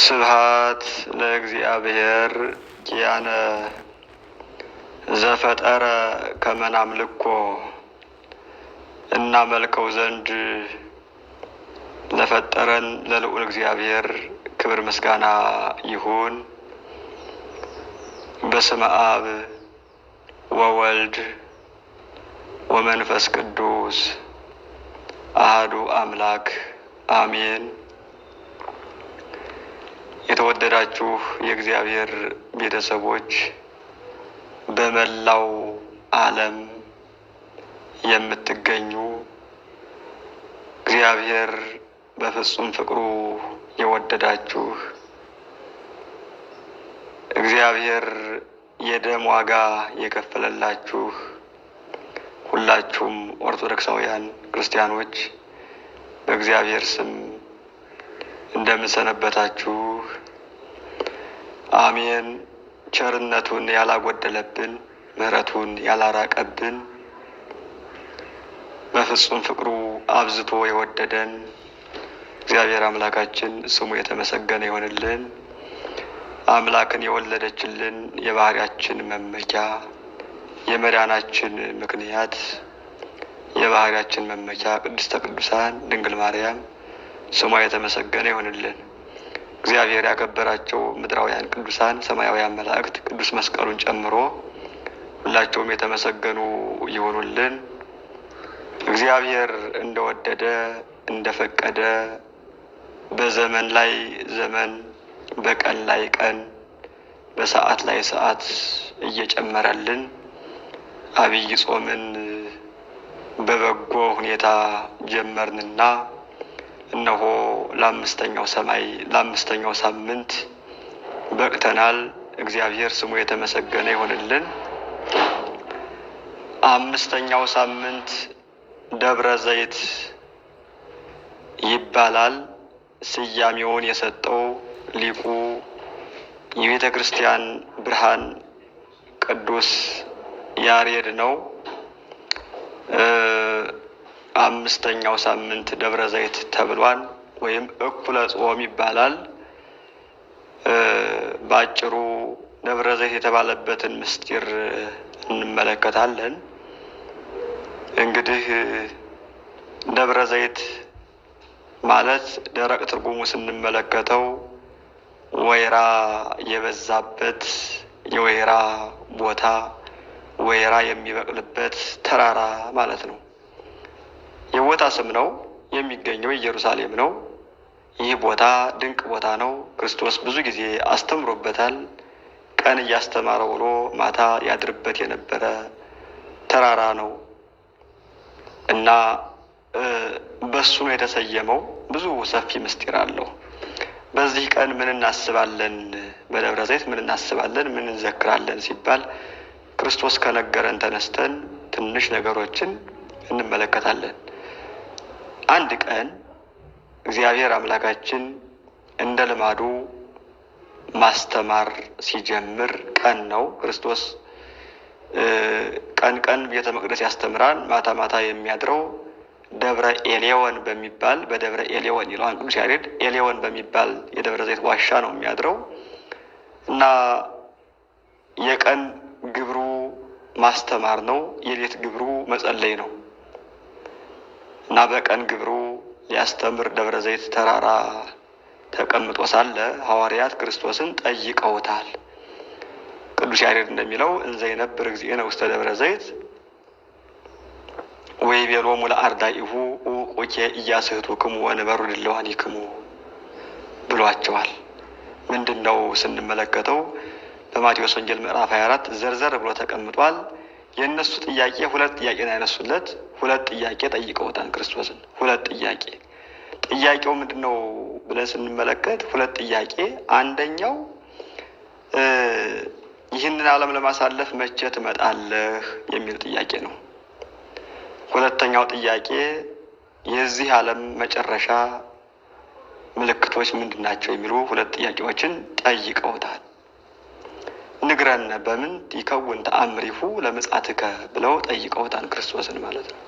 ስብሃት ለእግዚአብሔር ያነ ዘፈጠረ ከመናም ልኮ እናመልከው ዘንድ ለፈጠረን ለልዑል እግዚአብሔር ክብር ምስጋና ይሁን። በስመ አብ ወወልድ ወመንፈስ ቅዱስ አህዱ አምላክ አሜን። የተወደዳችሁ የእግዚአብሔር ቤተሰቦች በመላው ዓለም የምትገኙ እግዚአብሔር በፍጹም ፍቅሩ የወደዳችሁ እግዚአብሔር የደም ዋጋ የከፈለላችሁ ሁላችሁም ኦርቶዶክሳውያን ክርስቲያኖች በእግዚአብሔር ስም እንደምንሰነበታችሁ አሜን። ቸርነቱን ያላጎደለብን ምሕረቱን ያላራቀብን በፍጹም ፍቅሩ አብዝቶ የወደደን እግዚአብሔር አምላካችን ስሙ የተመሰገነ ይሆንልን። አምላክን የወለደችልን የባህሪያችን መመኪያ የመዳናችን ምክንያት የባህሪያችን መመኪያ ቅድስተ ቅዱሳን ድንግል ማርያም ስሟ የተመሰገነ ይሆንልን። እግዚአብሔር ያከበራቸው ምድራውያን ቅዱሳን፣ ሰማያውያን መላእክት ቅዱስ መስቀሉን ጨምሮ ሁላቸውም የተመሰገኑ ይሆኑልን። እግዚአብሔር እንደወደደ እንደፈቀደ በዘመን ላይ ዘመን፣ በቀን ላይ ቀን፣ በሰዓት ላይ ሰዓት እየጨመረልን አብይ ጾምን በበጎ ሁኔታ ጀመርንና እነሆ ለአምስተኛው ሰማይ ለአምስተኛው ሳምንት በቅተናል። እግዚአብሔር ስሙ የተመሰገነ ይሆንልን። አምስተኛው ሳምንት ደብረ ዘይት ይባላል። ስያሜውን የሰጠው ሊቁ የቤተ ክርስቲያን ብርሃን ቅዱስ ያሬድ ነው። አምስተኛው ሳምንት ደብረ ዘይት ተብሏል፣ ወይም እኩለ ጾም ይባላል። በአጭሩ ደብረ ዘይት የተባለበትን ምስጢር እንመለከታለን። እንግዲህ ደብረ ዘይት ማለት ደረቅ ትርጉሙ ስንመለከተው ወይራ የበዛበት የወይራ ቦታ፣ ወይራ የሚበቅልበት ተራራ ማለት ነው። የቦታ ስም ነው። የሚገኘው ኢየሩሳሌም ነው። ይህ ቦታ ድንቅ ቦታ ነው። ክርስቶስ ብዙ ጊዜ አስተምሮበታል። ቀን እያስተማረ ውሎ ማታ ያድርበት የነበረ ተራራ ነው እና በሱ ነው የተሰየመው። ብዙ ሰፊ ምስጢር አለው። በዚህ ቀን ምን እናስባለን፣ በደብረ ዘይት ምን እናስባለን፣ ምን እንዘክራለን ሲባል ክርስቶስ ከነገረን ተነስተን ትንሽ ነገሮችን እንመለከታለን። አንድ ቀን እግዚአብሔር አምላካችን እንደ ልማዱ ማስተማር ሲጀምር ቀን ነው። ክርስቶስ ቀን ቀን ቤተ መቅደስ ያስተምራል፣ ማታ ማታ የሚያድረው ደብረ ኤሌዎን በሚባል በደብረ ኤሌዎን ይለዋል ቅዱስ ያሬድ። ኤሌዎን በሚባል የደብረ ዘይት ዋሻ ነው የሚያድረው እና የቀን ግብሩ ማስተማር ነው፣ የሌት ግብሩ መጸለይ ነው። እና በቀን ግብሩ ሊያስተምር ደብረ ዘይት ተራራ ተቀምጦ ሳለ ሐዋርያት ክርስቶስን ጠይቀውታል። ቅዱስ ያሬድ እንደሚለው እንዘ የነብር እግዚእነ ውስተ ደብረ ዘይት ወይቤሎሙ ለአርዳኢሁ ውቁኬ ኢያስሕቱክሙ ወንበሩ ድልዋኒክሙ ብሏቸዋል። ምንድን ነው ስንመለከተው በማቴዎስ ወንጌል ምዕራፍ 24 ዘርዘር ብሎ ተቀምጧል። የእነሱ ጥያቄ ሁለት ጥያቄ ነው ያነሱለት። ሁለት ጥያቄ ጠይቀውታል ክርስቶስን። ሁለት ጥያቄ ጥያቄው ምንድን ነው ብለን ስንመለከት ሁለት ጥያቄ፣ አንደኛው ይህንን ዓለም ለማሳለፍ መቼ ትመጣለህ የሚል ጥያቄ ነው። ሁለተኛው ጥያቄ የዚህ ዓለም መጨረሻ ምልክቶች ምንድን ናቸው የሚሉ ሁለት ጥያቄዎችን ጠይቀውታል። ንግረን በምን ይከውን ተአምሪሁ ለምጻትከ ብለው ጠይቀውታል ክርስቶስን ማለት ነው።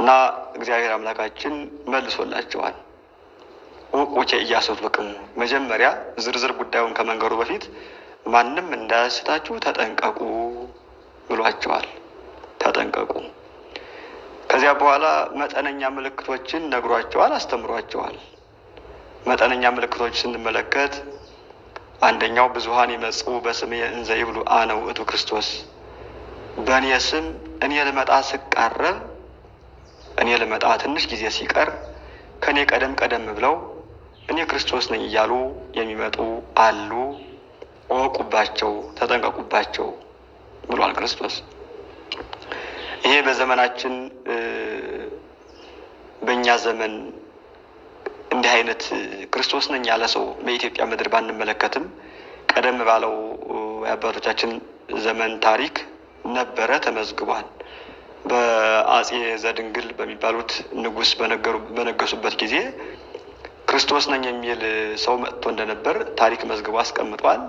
እና እግዚአብሔር አምላካችን መልሶላቸዋል። ውቁቼ እያስወፍቅሙ መጀመሪያ ዝርዝር ጉዳዩን ከመንገሩ በፊት ማንም እንዳያስታችሁ ተጠንቀቁ ብሏቸዋል። ተጠንቀቁ። ከዚያ በኋላ መጠነኛ ምልክቶችን ነግሯቸዋል፣ አስተምሯቸዋል። መጠነኛ ምልክቶች ስንመለከት አንደኛው ብዙሀን ይመጽኡ በስሜ እንዘ ይብሉ አነ ውእቱ ክርስቶስ፣ በእኔ ስም እኔ ልመጣ ስቃረብ እኔ ልመጣ ትንሽ ጊዜ ሲቀር ከእኔ ቀደም ቀደም ብለው እኔ ክርስቶስ ነኝ እያሉ የሚመጡ አሉ፣ እወቁባቸው፣ ተጠንቀቁባቸው ብሏል ክርስቶስ። ይሄ በዘመናችን በእኛ ዘመን እንዲህ አይነት ክርስቶስ ነኝ ያለ ሰው በኢትዮጵያ ምድር ባንመለከትም ቀደም ባለው የአባቶቻችን ዘመን ታሪክ ነበረ፣ ተመዝግቧል። በአጼ ዘድንግል በሚባሉት ንጉስ በነገሱበት ጊዜ ክርስቶስ ነኝ የሚል ሰው መጥቶ እንደነበር ታሪክ መዝግቦ አስቀምጧል።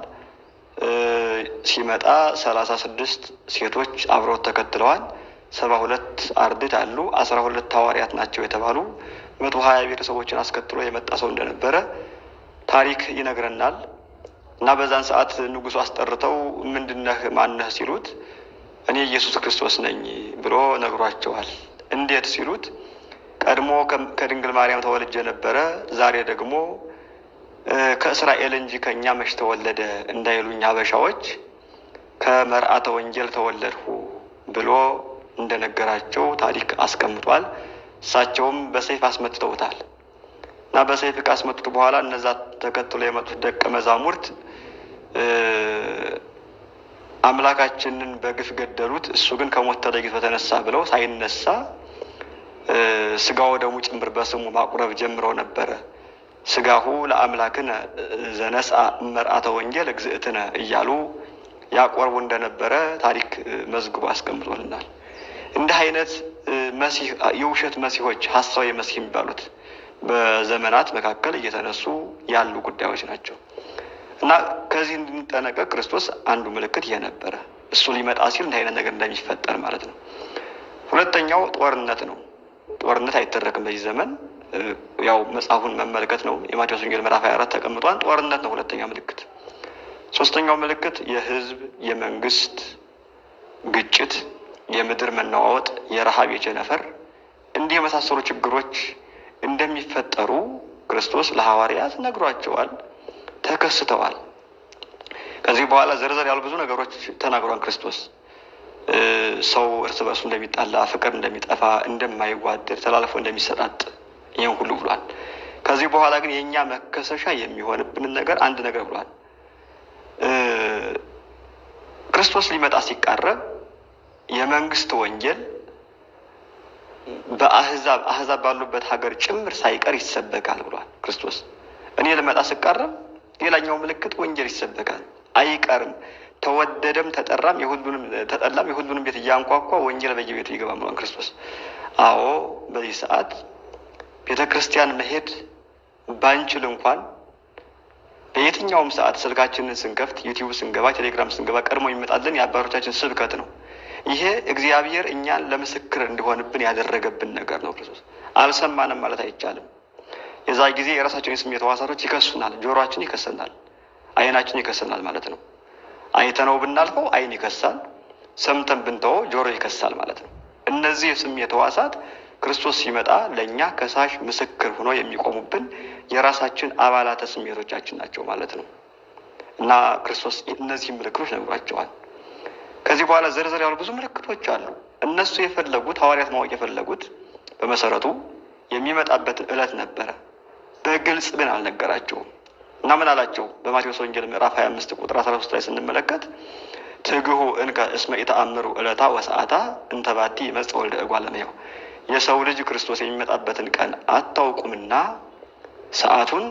ሲመጣ ሰላሳ ስድስት ሴቶች አብረው ተከትለዋል። ሰባ ሁለት አርድእት አሉ። አስራ ሁለት ሐዋርያት ናቸው የተባሉ መቶ ሀያ ቤተሰቦችን አስከትሎ የመጣ ሰው እንደነበረ ታሪክ ይነግረናል። እና በዛን ሰዓት ንጉሱ አስጠርተው ምንድነህ ማነህ ሲሉት እኔ ኢየሱስ ክርስቶስ ነኝ ብሎ ነግሯቸዋል። እንዴት ሲሉት ቀድሞ ከድንግል ማርያም ተወልጀ ነበረ፣ ዛሬ ደግሞ ከእስራኤል እንጂ ከእኛ መች ተወለደ እንዳይሉኝ ሀበሻዎች ከመርአተ ወንጌል ተወለድሁ ብሎ እንደነገራቸው ታሪክ አስቀምጧል። እሳቸውም በሰይፍ አስመትተውታል እና በሰይፍ ካስመቱት በኋላ እነዛ ተከትሎ የመጡት ደቀ መዛሙርት አምላካችንን በግፍ ገደሉት፣ እሱ ግን ከሞት ተለይቶ ተነሳ ብለው ሳይነሳ ስጋ ወደሙ ጭምር በስሙ ማቁረብ ጀምረው ነበረ። ስጋሁ ለአምላክነ ዘነስአ መርአተ ወንጌል እግዝእትነ እያሉ ያቆርቡ እንደነበረ ታሪክ መዝግቦ አስቀምጦልናል። እንዲህ አይነት መሲህ የውሸት መሲሆች ሀሳዊ መሲህ የሚባሉት በዘመናት መካከል እየተነሱ ያሉ ጉዳዮች ናቸው እና ከዚህ እንድንጠነቀቅ ክርስቶስ አንዱ ምልክት ይሄ ነበረ። እሱ ሊመጣ ሲል እንዲህ አይነት ነገር እንደሚፈጠር ማለት ነው። ሁለተኛው ጦርነት ነው። ጦርነት አይተረክም በዚህ ዘመን። ያው መጽሐፉን መመልከት ነው። የማቴዎስ ወንጌል ምዕራፍ 24 ተቀምጧል። ጦርነት ነው ሁለተኛው ምልክት። ሶስተኛው ምልክት የህዝብ የመንግስት ግጭት የምድር መነዋወጥ፣ የረሃብ፣ የቸነፈር እንዲህ የመሳሰሉ ችግሮች እንደሚፈጠሩ ክርስቶስ ለሐዋርያት ነግሯቸዋል፣ ተከስተዋል። ከዚህ በኋላ ዘርዘር ያሉ ብዙ ነገሮች ተናግሯል ክርስቶስ ሰው እርስ በርሱ እንደሚጣላ፣ ፍቅር እንደሚጠፋ፣ እንደማይዋደድ፣ ተላልፎ እንደሚሰጣጥ ይህን ሁሉ ብሏል። ከዚህ በኋላ ግን የእኛ መከሰሻ የሚሆንብንን ነገር አንድ ነገር ብሏል። ክርስቶስ ሊመጣ ሲቃረብ የመንግስት ወንጌል በአህዛብ አህዛብ ባሉበት ሀገር ጭምር ሳይቀር ይሰበካል ብሏል ክርስቶስ። እኔ ልመጣ ስቃረብ ሌላኛው ምልክት ወንጌል ይሰበካል አይቀርም፣ ተወደደም ተጠራም የሁሉንም ተጠላም የሁሉንም ቤት እያንኳኳ ወንጌል በየቤቱ ይገባ ብሏል ክርስቶስ። አዎ በዚህ ሰዓት ቤተ ክርስቲያን መሄድ ባንችል እንኳን በየትኛውም ሰዓት ስልካችንን ስንከፍት ዩቲዩብ ስንገባ ቴሌግራም ስንገባ ቀድሞ የሚመጣልን የአባቶቻችን ስብከት ነው። ይሄ እግዚአብሔር እኛን ለምስክር እንዲሆንብን ያደረገብን ነገር ነው። ክርስቶስ አልሰማንም ማለት አይቻልም። የዛ ጊዜ የራሳቸውን የስሜት ሕዋሳቶች ይከሱናል። ጆሮችን ይከሰናል፣ አይናችን ይከሰናል ማለት ነው። አይተነው ብናልፈው አይን ይከሳል፣ ሰምተን ብንተወው ጆሮ ይከሳል ማለት ነው። እነዚህ የስሜት ህዋሳት ክርስቶስ ሲመጣ ለእኛ ከሳሽ ምስክር ሆኖ የሚቆሙብን የራሳችን አባላተ ስሜቶቻችን ናቸው ማለት ነው እና ክርስቶስ እነዚህ ምልክቶች ነግሯቸዋል። ከዚህ በኋላ ዝርዝር ያሉ ብዙ ምልክቶች አሉ። እነሱ የፈለጉት ሐዋርያት ማወቅ የፈለጉት በመሰረቱ የሚመጣበትን ዕለት ነበረ። በግልጽ ግን አልነገራቸውም እና ምን አላቸው? በማቴዎስ ወንጌል ምዕራፍ 25 ቁጥር 13 ላይ ስንመለከት ትግሁ እንከ እስመ ኢተአምሩ ዕለታ ወሰዓታ እንተባቲ ይመጽእ ወልደ እጓለ እመሕያው፣ የሰው ልጅ ክርስቶስ የሚመጣበትን ቀን አታውቁምና ሰዓቱን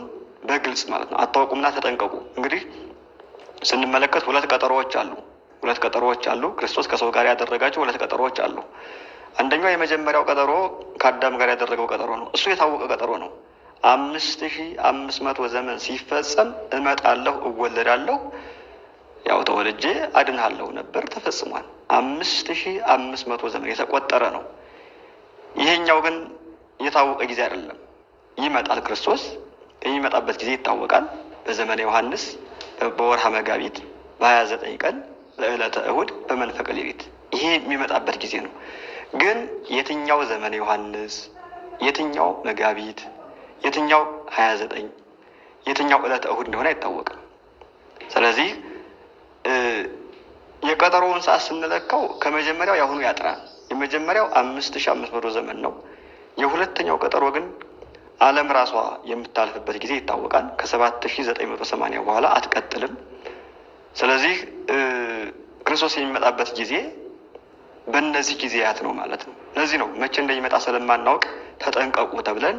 በግልጽ ማለት ነው አታውቁምና ተጠንቀቁ። እንግዲህ ስንመለከት ሁለት ቀጠሮዎች አሉ። ሁለት ቀጠሮዎች አሉ። ክርስቶስ ከሰው ጋር ያደረጋቸው ሁለት ቀጠሮዎች አሉ። አንደኛው የመጀመሪያው ቀጠሮ ከአዳም ጋር ያደረገው ቀጠሮ ነው። እሱ የታወቀ ቀጠሮ ነው። አምስት ሺ አምስት መቶ ዘመን ሲፈጸም እመጣለሁ፣ እወለዳለሁ፣ ያው ተወልጄ አድንሃለሁ ነበር። ተፈጽሟል። አምስት ሺ አምስት መቶ ዘመን የተቆጠረ ነው። ይሄኛው ግን የታወቀ ጊዜ አይደለም። ይመጣል ክርስቶስ። የሚመጣበት ጊዜ ይታወቃል። በዘመነ ዮሐንስ በወርሃ መጋቢት በሀያ ዘጠኝ ቀን ለዕለተ እሁድ በመንፈቀ ሌሊት ይሄ የሚመጣበት ጊዜ ነው። ግን የትኛው ዘመነ ዮሐንስ፣ የትኛው መጋቢት፣ የትኛው ሀያ ዘጠኝ የትኛው ዕለተ እሁድ እንደሆነ አይታወቅም። ስለዚህ የቀጠሮውን ሰዓት ስንለካው ከመጀመሪያው የአሁኑ ያጥራል። የመጀመሪያው አምስት ሺህ አምስት መቶ ዘመን ነው። የሁለተኛው ቀጠሮ ግን ዓለም ራሷ የምታልፍበት ጊዜ ይታወቃል። ከሰባት ሺህ ዘጠኝ መቶ ሰማንያ በኋላ አትቀጥልም። ስለዚህ ክርስቶስ የሚመጣበት ጊዜ በእነዚህ ጊዜያት ነው ማለት ነው። ለዚህ ነው መቼ እንደሚመጣ ስለማናውቅ ተጠንቀቁ ተብለን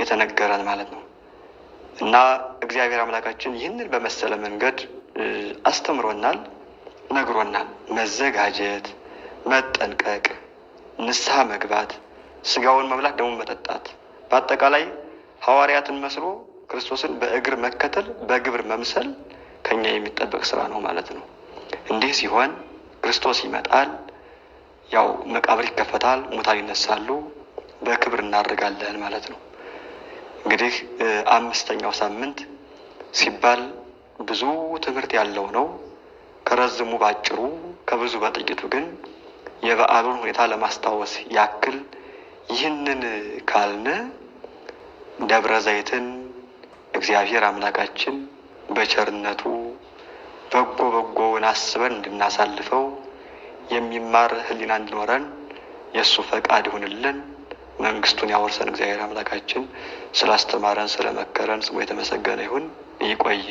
የተነገረን ማለት ነው። እና እግዚአብሔር አምላካችን ይህንን በመሰለ መንገድ አስተምሮናል፣ ነግሮናል። መዘጋጀት፣ መጠንቀቅ፣ ንስሐ መግባት፣ ስጋውን መብላት፣ ደግሞ መጠጣት፣ በአጠቃላይ ሐዋርያትን መስሎ ክርስቶስን በእግር መከተል፣ በግብር መምሰል ከኛ የሚጠበቅ ስራ ነው ማለት ነው። እንዲህ ሲሆን ክርስቶስ ይመጣል፣ ያው መቃብር ይከፈታል፣ ሙታን ይነሳሉ፣ በክብር እናደርጋለን ማለት ነው። እንግዲህ አምስተኛው ሳምንት ሲባል ብዙ ትምህርት ያለው ነው። ከረዝሙ ባጭሩ፣ ከብዙ በጥቂቱ ግን የበዓሉን ሁኔታ ለማስታወስ ያክል ይህንን ካልን ደብረ ዘይትን እግዚአብሔር አምላካችን በቸርነቱ በጎ በጎውን አስበን እንድናሳልፈው የሚማር ህሊና እንዲኖረን የእሱ ፈቃድ ይሁንልን። መንግስቱን ያወርሰን። እግዚአብሔር አምላካችን ስላስተማረን ስለመከረን ስሙ የተመሰገነ ይሁን። ይቆየ